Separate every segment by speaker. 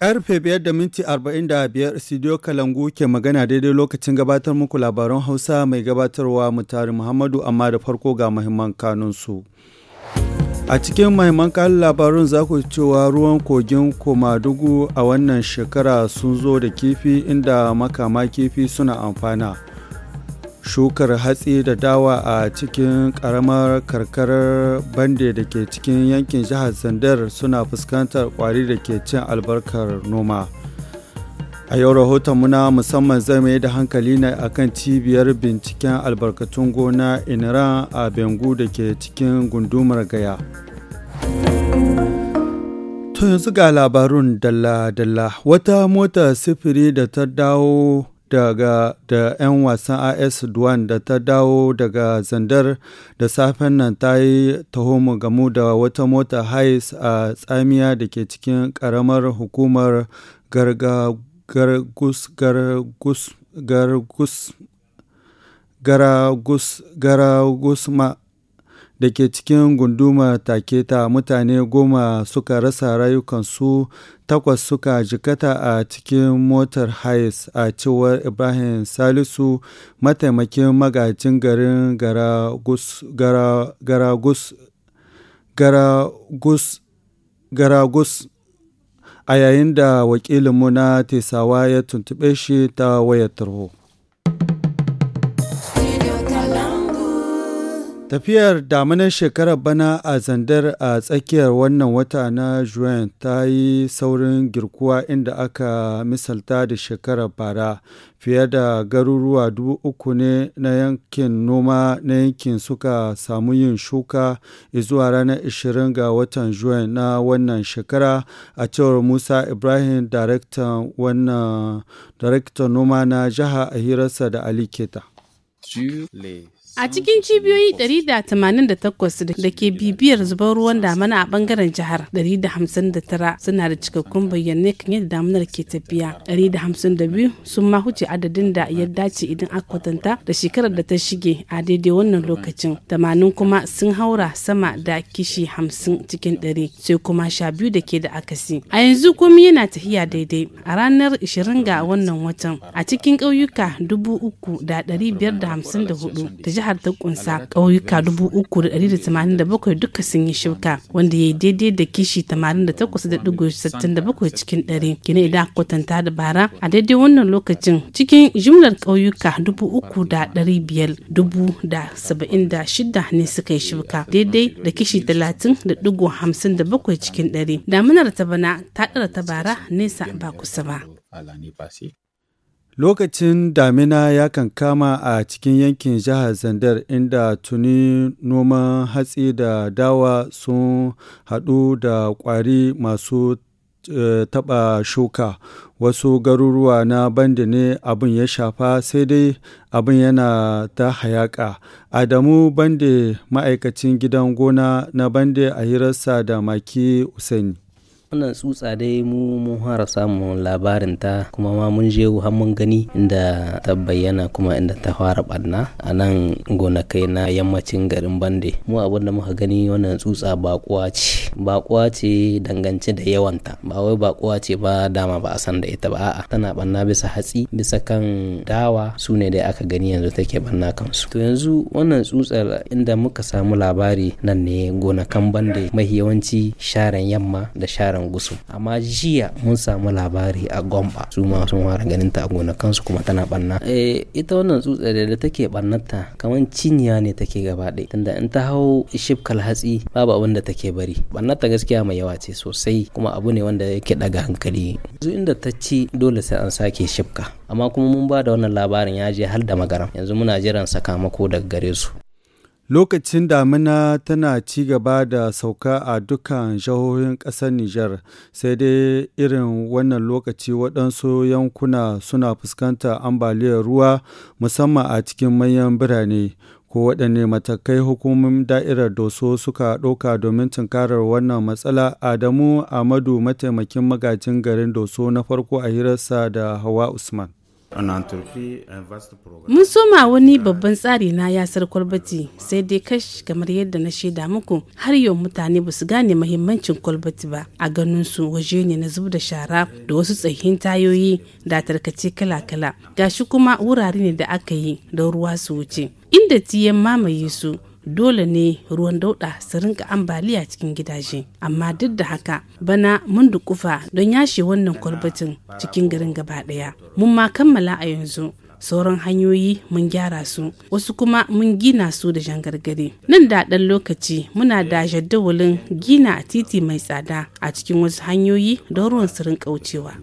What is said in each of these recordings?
Speaker 1: Karfe biyar da minti arba'in da Kalangu ke magana daidai lokacin gabatar muku labaran Hausa mai gabatarwa mutari Muhammadu amma da farko ga muhimman kanunsu. A cikin mahimman kan labarun za ku cewa ruwan kogin Komadugu a wannan shekara sun zo da kifi inda makama kifi suna amfana. shukar hatsi da dawa a cikin karamar karkarar bande da ke cikin yankin jihar zandar suna fuskantar kwari da ke cin albarkar noma a yau rahoton muna musamman zai mai da hankali ne akan cibiyar binciken albarkatun gona iniran a bengu da ke cikin gundumar gaya Tun yanzu ga labarun dalla-dalla wata mota sifiri da ta dawo daga da 'yan wasan AS Duwan da ta dawo daga zandar da safen nan ta yi tahomu gamu da wata mota hais a tsamiya da ke cikin karamar hukumar gargagus ma da ke cikin gunduma taketa mutane goma suka rasa rayukansu takwas suka jikata a cikin motar hais a cewar ibrahim salisu mataimakin magajin garin garagus garagus a yayin da wakilinmu na tesawa ya tuntuɓe shi ta wayar tarho. Tafiyar damanar shekarar bana a Zandar a tsakiyar wannan wata na Juin ta yi saurin girkuwa inda aka misalta da shekarar bara. Fiye da garuruwa dubu uku ne na yankin noma na yankin suka samu yin shuka zuwa ranar 20 ga watan Juin na wannan shekara a cewar Musa Ibrahim, daraktan noma na jiha a hirarsa da Ali Keta.
Speaker 2: A cikin cibiyoyi 188 da ke bibiyar zubar ruwan damana a bangaren jihar 159 suna da cikakkun bayanai kan yadda damunar ke tafiya. 152 sun ma huce adadin da ya dace idan aka kwatanta da shekarar da ta shige a daidai wannan lokacin. tamanin kuma sun haura sama da kishi 50 cikin 100 sai kuma 12 da ke da akasi. A yanzu komai yana tafiya daidai a ranar 20 ga wannan watan a cikin ƙauyuka 3,554 da jihar jihar ta kunsa ƙauyuka 387 duka sun yi shirka wanda ya yi daidai da kishi 88.67 cikin ɗari gina idan kwatanta da bara a daidai wannan lokacin cikin jimlar ƙauyuka 3,576 ne suka yi shirka daidai da kishi 30.57 cikin ɗari damunar ta bana ta ɗara ta bara nesa ba kusa ba.
Speaker 1: Lokacin damina ya kankama a cikin yankin jihar Zandar inda tuni noman hatsi da dawa sun haɗu da ƙwari masu eh, taɓa shuka wasu garuruwa na bandi ne abin ya shafa sai dai abin yana ta hayaƙa adamu bande ma'aikacin gidan gona na bande a hirarsa da maki usaini
Speaker 3: wannan tsutsa dai mu mun fara samun labarin ta kuma ma mun je har mun gani inda ta bayyana kuma inda ta fara barna a nan gonakai na yammacin garin bande mu abinda da muka gani wannan tsutsa bakuwa ce baƙuwa ce dangance da yawanta ba wai kuwa ce ba dama ba a san da ita ba a'a tana banna bisa hatsi bisa kan dawa su ne da aka gani yanzu take banna kansu to yanzu wannan tsutsar inda muka samu labari nan ne gonakan bande mahi yawanci sharan yamma da sharen gusu amma jiya mun samu labari a gomba su ma sun fara ganin ta a gonakansu kuma tana banna eh ita wannan tsutsar da take ta kamar cinya ne take gaba ɗaya tunda in ta hau shifkal hatsi babu abin da take bari ta gaskiya mai yawa ce sosai kuma abu ne wanda yake daga hankali yanzu inda ta ci dole sai an sake shifka amma kuma mun ba da wannan labarin ya je har da magaram yanzu muna jiran sakamako daga gare su
Speaker 1: Lokacin damina tana ci gaba da sauka a dukkan jihohin ƙasar Nijar, sai dai irin wannan lokaci waɗansu yankuna suna fuskantar ambaliyar ruwa musamman a cikin manyan birane. ko waɗanne matakai hukumomin da'irar doso suka ɗauka domin tunkarar wannan matsala adamu amadu mataimakin magajin garin doso na farko a hirarsa da hawa usman Eh,
Speaker 2: Mun soma wani babban tsari na yasar kwalbati sai dai kash kamar yadda na shaida muku har yau mutane ba su gane mahimmancin kwalbati ba a ganin su waje ne na zub da shara da wasu tsahin tayoyi da tarkace kala-kala gashi kuma wurare ne da aka yi da ruwa su wuce inda tiyan mamaye su dole ne ruwan dauɗa su rinka ambaliya cikin gidaje amma duk da haka bana mun dukufa don yashe wannan kwalbatin cikin garin gaba ɗaya mun ma kammala a yanzu sauran hanyoyi mun gyara su wasu kuma mun gina su da jangargare nan da ɗan lokaci muna da jaddawalin gina a titi mai tsada a cikin wasu hanyoyi don ruwan su rinka wucewa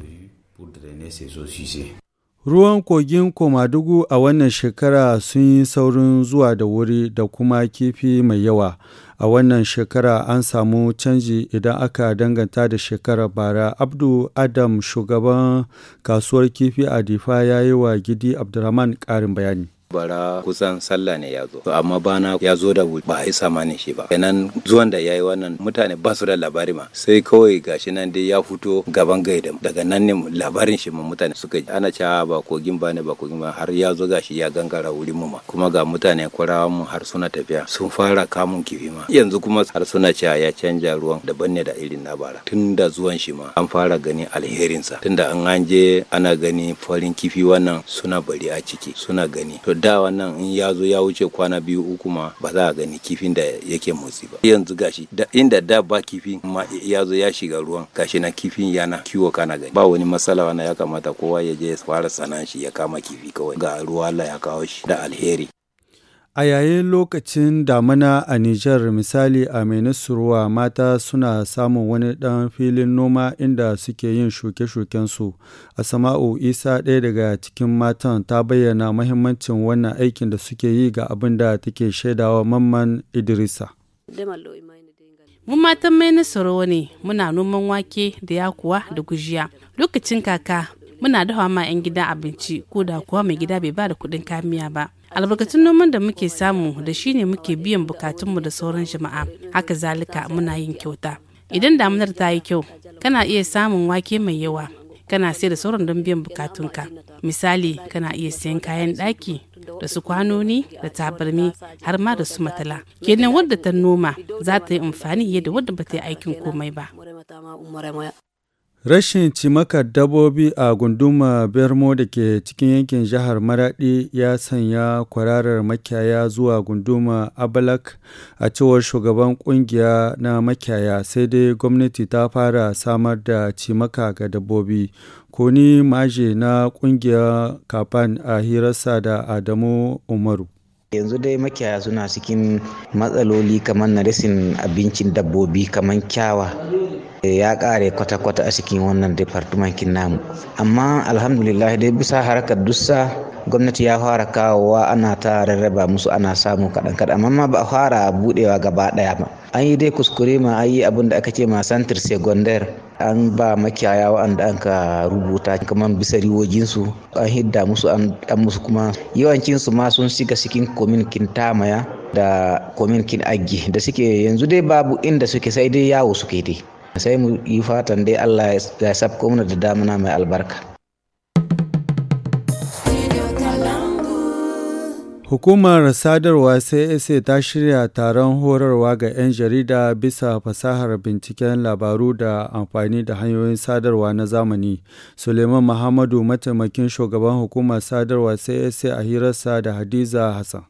Speaker 1: Ruwan kogin Komadugu a wannan shekara sun yi saurin zuwa da wuri da kuma kifi mai yawa. A wannan shekara an samu canji idan aka danganta da shekarar bara. Abdu Adam shugaban kasuwar kifi a Difa ya yi wa Gidi Abdurrahman ƙarin bayani. bara
Speaker 3: kusan sallah ne ya zo to amma bana ya zo da wuri ba a yi samanin shi ba kenan zuwan da ya yi wannan mutane ba su da labari ma sai kawai gashi nan dai ya fito gaban gaida daga nan ne labarin shi mun mutane suka ji ana cewa ba kogin ba ne ba kogin ba har ya zo gashi ya gangara wurin mu ma kuma ga mutane kwarawa mu har suna tafiya sun fara kamun kifi ma yanzu kuma har suna cewa ya canja ruwan daban ne da irin na bara tun da zuwan shi ma an fara gani alherinsa tun da an je ana gani farin kifi wannan suna bari a ciki suna gani to da wannan in ya zo ya wuce kwana biyu uku ma ba za a gani kifin da yake motsi ba yanzu gashi da inda da ba kifin ma ya zo ya shiga ruwan gashi na kifin yana kiwo kana gani ba wani matsala wannan ya kamata kowa ya je ya fara sanan shi ya kama kifi kawai ga ruwa Allah ya kawo shi da alheri
Speaker 1: A yayin lokacin damina a Nijar, misali a Minisruwa, mata suna samun wani ɗan filin noma inda suke yin shuke-shukensu. sama'u, Isa ɗaya daga cikin matan ta bayyana mahimmancin wannan aikin da suke yi ga abin da take shaidawa Mamman Idrisa.
Speaker 2: Mun matan mai ne muna noman wake da yakuwa da gujiya. Lokacin kaka muna dafa ma 'yan gida abinci ko da kuwa mai gida bai ba da kuɗin kamiya ba. albarkatun noman da muke samu da shi ne muke biyan bukatunmu da sauran jama'a haka zalika muna yin kyauta idan damunar ta yi kyau kana iya samun wake mai yawa kana sai da sauran don biyan bukatunka misali kana iya siyan kayan ɗaki da su kwanoni da tabarmi har ma da su matala kenan wadda ta noma za ta yi amfani yadda wadda ba ta yi aikin komai ba
Speaker 1: Rashin cimakar dabbobi a gundumar Bermo da ke cikin yankin jihar Maraɗi ya sanya kwararar makiyaya zuwa gunduma Abalak a cewar shugaban ƙungiya na makiyaya sai dai gwamnati ta fara samar da cimaka ga dabbobi. Koni maje na ƙungiyar Kafan a hirarsa da Adamu Umaru.
Speaker 3: yanzu dai makiyaya suna cikin matsaloli kamar na rashin abincin dabbobi kamar kyawa Eh, ya kare kwata-kwata a cikin wannan departamentin namu amma alhamdulillah dai bisa harkar dussa gwamnati ya fara kawowa ana ta rarraba musu ana samu kaɗan kaɗan amma ma ba a fara buɗewa gaba ɗaya ba an yi dai kuskure ma an yi abin da aka ce ma santir secondaire an ba makiyaya wa'anda an ka rubuta kamar bisa riwojinsu an hidda musu an musu kuma yawancinsu ma sun shiga cikin kominkin tamaya da kominkin aggi da suke yanzu dai babu inda suke sai dai yawo suke dai sai mu yi fatan dai Allah ya sabko mana da damuna mai albarka
Speaker 1: Hukumar sadarwa CSA ta shirya taron horarwa ga 'yan jarida bisa fasahar binciken labaru da amfani da hanyoyin sadarwa na zamani. Suleiman Muhammadu mataimakin shugaban hukumar sadarwa CSA a hirarsa da Hadiza Hassan.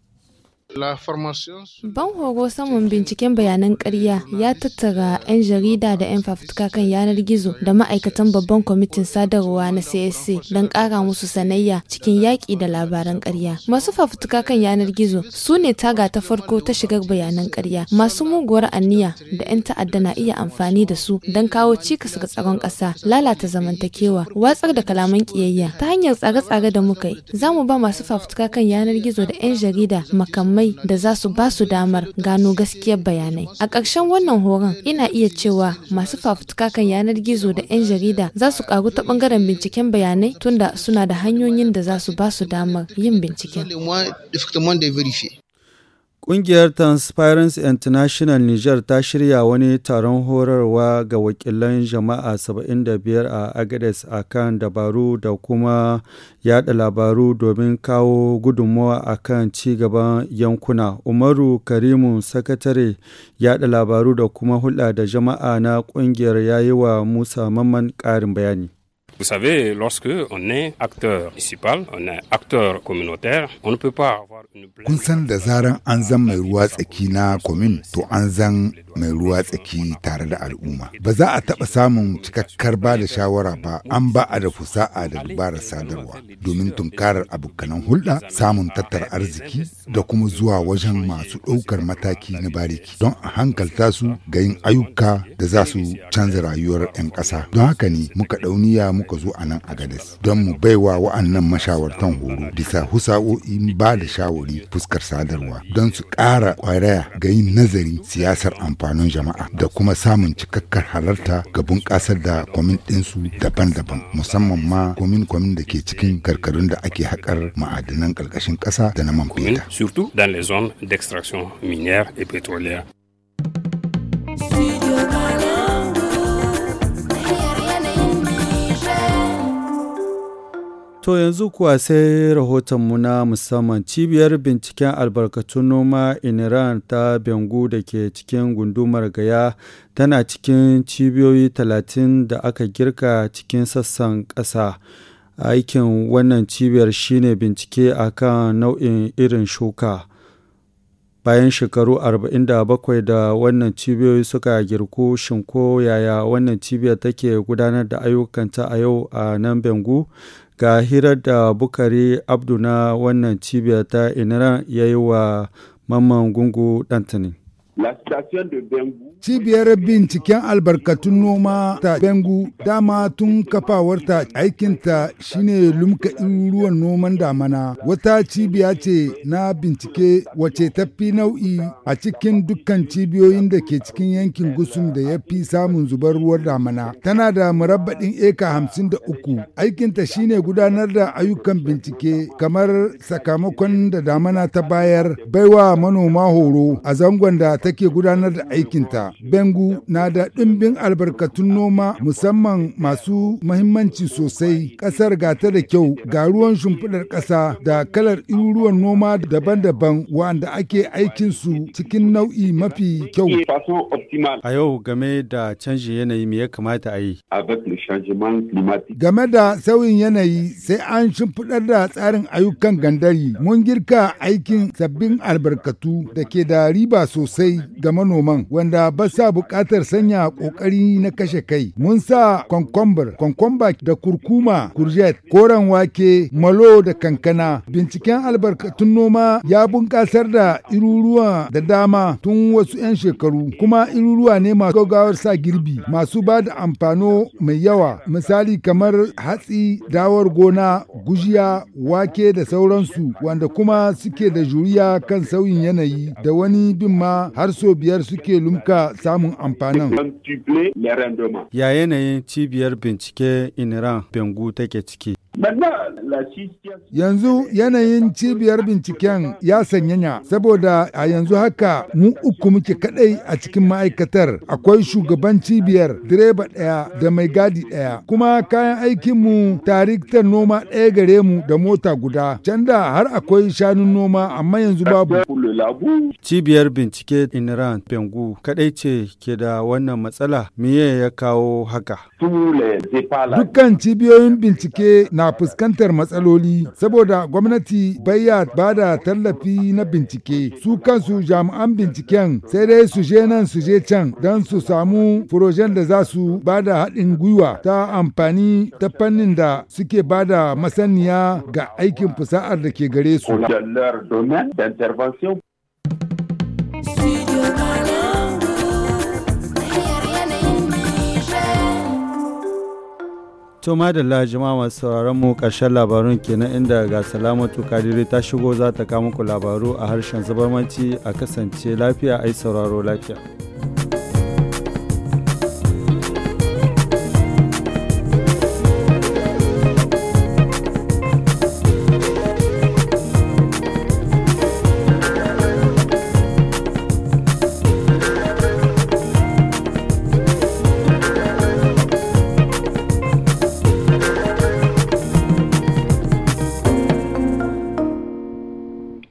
Speaker 2: Ban horo saman binciken bayanan ƙarya ya tattara 'yan jarida da 'yan fafutuka kan yanar gizo da ma'aikatan babban kwamitin sadarwa na CSC don ƙara musu sanayya cikin yaƙi da labaran ƙarya. Masu fafutuka kan yanar gizo su ne taga ta farko ta shigar bayanan ƙarya. Masu muguwar aniya da 'yan ta'adda na iya amfani da su don kawo cikas ga tsaron ƙasa, lalata zamantakewa, watsar da kalaman ƙiyayya. Ta hanyar tsare-tsare da muka yi, za mu ba masu fafutuka kan yanar gizo da 'yan jarida makamai malamai da za su ba su damar gano gaskiyar bayanai. A ƙarshen wannan horon ina iya cewa masu fafutuka kan yanar gizo da 'yan jarida za su karu ta ɓangaren binciken bayanai tunda suna da hanyoyin da za su ba su damar yin binciken.
Speaker 1: Ƙungiyar Transparency International Niger ta shirya wani taron horarwa ga wakilan jama'a 75 a Agades a kan dabaru da kuma yada labaru domin kawo gudunmawa a kan gaban yankuna. Umaru Karimu, sakatare yada labaru da kuma hulɗa da jama'a na ƙungiyar yayi yi wa Musa Mamman ƙarin bayani.
Speaker 2: Vous savez, lorsque on est acteur municipal, on est acteur communautaire, on ne peut pas avoir
Speaker 4: une Kun san da zaran an zan mai ruwa tsaki na commune to an zan mai ruwa tsaki tare da al'umma. Ba za a taɓa samun cikakkar ba da shawara ba an ba a da fusa'a da dabarar sadarwa domin tunkarar abokanan hulɗa, samun tattara arziki da kuma zuwa wajen masu ɗaukar mataki na bariki don a hankalta su ga yin ayyuka da za su canza rayuwar 'yan ƙasa. Don haka ne muka ɗauniya muka zo a nan a gadas don mu baiwa wa'annan mashawartan horo bisa husa'o'i ba da shawari fuskar sadarwa don su ƙara ƙwaraya ga yin nazari siyasar amfanin jama'a da kuma samun cikakkar halarta ga bunƙasar da kwamin ɗinsu daban-daban musamman ma kwamin-kwamin da ke cikin karkarun da ake haƙar ma'adanan ƙarƙashin ƙasa da na man
Speaker 2: fetur. Surtout dans les zones d'extraction minière et pétrolière.
Speaker 1: To yanzu kuwa sai rahotonmu na musamman cibiyar binciken albarkatun noma Iran ta Bengu da ke cikin gundumar Gaya tana cikin cibiyoyi talatin da aka girka cikin sassan ƙasa. Aikin wannan cibiyar shine bincike a kan nau'in irin shuka. bayan shekaru 47 da wannan cibiyoyi suka girku shinko yaya wannan cibiyar take gudanar da ayyukanta a yau a nan bengu ga hirar da bukari abdu na wannan cibiyar ta iniran ya yi wa mamman gungu dantani
Speaker 4: Cibiyar binciken albarkatun noma ta Bengu dama tun kafawarta aikinta shine lumka ruwan noman damana. Wata cibiya ce na bincike wace tafi nau'i a cikin dukkan cibiyoyin da ke cikin yankin gusun da ya fi samun zubar ruwan damana. Tana da murabbaɗin eka hamsin da uku. Aikinta shine gudanar da ayyukan bincike kamar sakamakon da damana ta bayar baiwa manoma horo a zangon da take gudanar da aikinta. Bengu na da ɗimbin albarkatun noma musamman masu mahimmanci sosai. Ƙasar gata da kyau ga ruwan shimfiɗar ƙasa da kalar ruwan noma daban-daban wanda ake aikin su cikin nau'i mafi kyau.
Speaker 1: A yau game da canjin yanayi me ya kamata a yi?
Speaker 4: Game da sauyin yanayi sai an shimfiɗar da tsarin ayyukan gandari. Mun girka aikin sabbin albarkatu da ke da riba sosai sosai ga manoman wanda ba sa buƙatar sanya ƙoƙari na kashe kai. Mun sa kwankwambar, kwankwamba da kurkuma, kurjet, koren wake, malo da kankana. Binciken albarkatun noma ya bunƙasar da iruruwa da dama tun wasu 'yan shekaru, kuma iruruwa ne masu gaugawar sa girbi, masu ba da amfano mai yawa, misali kamar hatsi, dawar gona, gujiya, wake da sauransu, wanda kuma suke da juriya kan sauyin yanayi da wani bin ma har so biyar suke lumka samun
Speaker 1: amfanin. Ya yanayin cibiyar bincike Inira Bengu take ciki.
Speaker 4: Yanzu yanayin cibiyar binciken ya sanyanya saboda a yanzu haka mu uku muke kadai a cikin ma'aikatar akwai shugaban cibiyar direba ɗaya da mai gadi ɗaya kuma kayan aikinmu tariktar noma ɗaya gare mu da mota guda can har akwai shanun noma amma yanzu babu.
Speaker 1: Cibiyar bincike Inran Pengu kadai ce ke da wannan matsala me ya kawo haka. Dukkan cibiyoyin
Speaker 4: bincike na na fuskantar matsaloli saboda gwamnati bayya ba da tallafi na bincike su kansu jami'an binciken sai dai su je nan su je can don su samu furojen da za su ba da haɗin gwiwa ta amfani ta fannin da suke ba da masaniya ga aikin fusa'ar da ke gare su.
Speaker 1: Studio To madalla jama'a masu sauraron mu ƙarshen labarun kenan inda ga salamatu kadiri ta shigo za ta kawo muku labaru a harshen zubarmanci a kasance lafiya ai sauraro lafiya.